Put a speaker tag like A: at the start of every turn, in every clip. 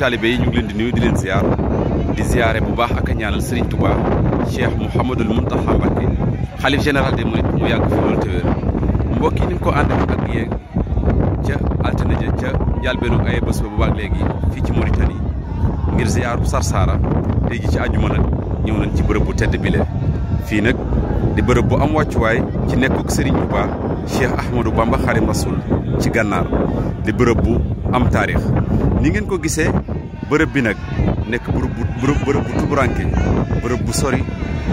A: taalibe yi ñu ngi leen di nuyu di leen ziar di ziare bu baax ak a ñaanal Serigne Touba Cheikh Mouhamadul Mountakha Mbacké xalif général des mourides mu yàgg fi loolu te wér mbokk yi ni ko ànd ak yéen ca altine ja ca njàlbeenu ay bés ba bu baax léegi fii ci Mauritanie ngir ziaru Sarsara tey ji ci àjjuma nag ñëw nañ ci bërëb bu tedd bile fii nag di bërëb bu am wàccuwaay ci nekkuk Serigne Touba Cheikh Ahmadou Bamba Xaadimu Rasuul ci gànnaar di bërëb bu am taarix ni ngeen ko gisee bërëb bi nag nekk bërëb bu bërëb bu tuburanke bërëb bu sori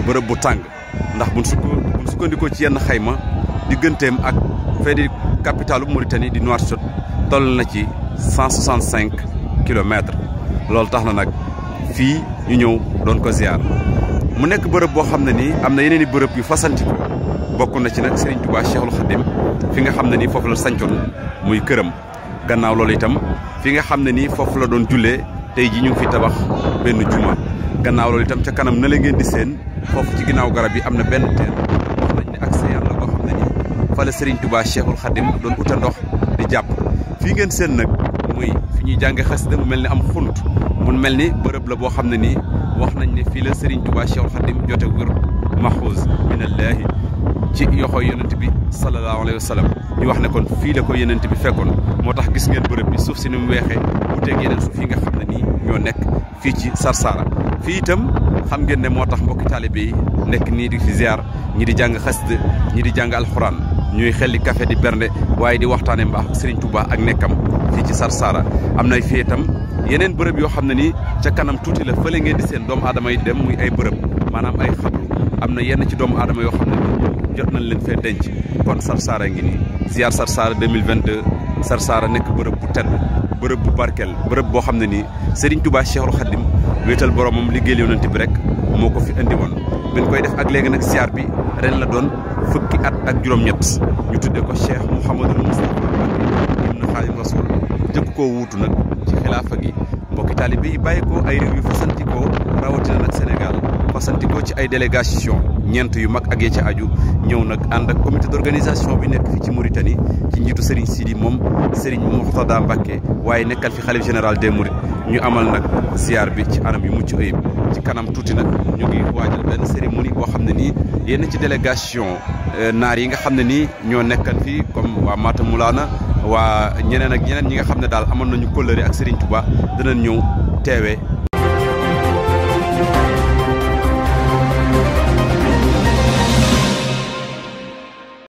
A: bërëb bu tàng ndax buñ sukk buñ sukkandikoo ci yenn xayma digganteem ak fee di capitalu Mauritanie di Nouakchott toll na ci cent soixante cinq kilomètres loolu tax na nag fii ñu ñëw doon ko ziar mu nekk bërëb boo xam ne nii am na yeneen i bërëb yu fasanti ko na ci nag Serigne Touba Cheikhul Khadim fi nga xam ne nii foofu la sancoon muy këram gannaaw loolu itam fi nga xam ne ni foofu la doon jullee tey ji ñu ngi fi tabax benn juma gannaaw loolu itam ca kanam na la ngeen di seen foofu ci ginnaaw garab yi am na benn teen wax nañ ne accès yàlla goo xam ne ni fa la Serigne Touba Cheikhul Khadim doon uta ndox di jàpp fii ngeen seen nag muy fi ñuy jànge xasida mu mel ni am xunt mu mel ni bërëb la boo xam ne nii wax nañ ne fii la Serigne Touba Cheikhul Khadim jote wér mahfouz minallaahi ci yoxoo yonent bi sallallahu alayhi wa sallam ñu wax ne kon fii la ko yonent bi fekkoon moo tax gis ngeen bërëb bi suuf si ni mu weexee bu teg yeneen suuf yi nga xam ne nii ñoo nekk fii ci Sarsara fii itam xam ngeen ne moo tax mbokki taalibe yi nekk nii di fi ziar ñi di jàng xasida ñi di jàng alxuraan ñuy xelli café di bernde waaye di waxtaane mbaax Serigne Touba ak nekkam fii ci Sarsara am na fii itam yeneen bërëb yoo xam ne nii ca kanam tuuti la ngeen di seen doomu aadama dem muy ay bërëb maanaam ay xabru na yenn ci doomu aadama yoo xam ne jot nañ leen fee denc kon Sarsara ngi nii ziar Sarsara 2022 Sarsara nekk bërëb bu tedd bërëb bu barkeel bërëb boo xam ne nii Serigne Touba Cheikhul Khadim wéetal boromam liggéeyal yonent bi rek moo ko fi indi woon. bi koy def ak léegi nag ziar bi ren la doon fukki at ak juróom-ñett ñu tuddee ko Cheikh Mouhamadul Moustapha Mbacké ibn Khadim Rasoul jëkk koo wuutu nag ci xilaafa gi mbokki taalibe yi bàyyi ko ay réew yu fasantikoo rawatina nag fasantikoo ci ay délégation ñeent yu mag ak ya ci aju ñëw nag ànd ak comité d'organisation bi nekk fii ci Mauritanie ci njiitu Serigne Sidi moom Serigne Mourtada Mbacké waaye nekkal fi xalif général de Mourides ñu amal nag ziar bi ci anam yu mucc ayib ci kanam tuuti nag ñu ngi waajal benn cérémonie boo xam ne nii yenn ci délégation euh, naar yi nga xam ne nii ñoo nekkal fii comme waa Mata Moulana waa ñeneen ak ñeneen ñi nga xam ne daal amoon nañu kóllëre ak Serigne Touba dinañ ñëw teewee.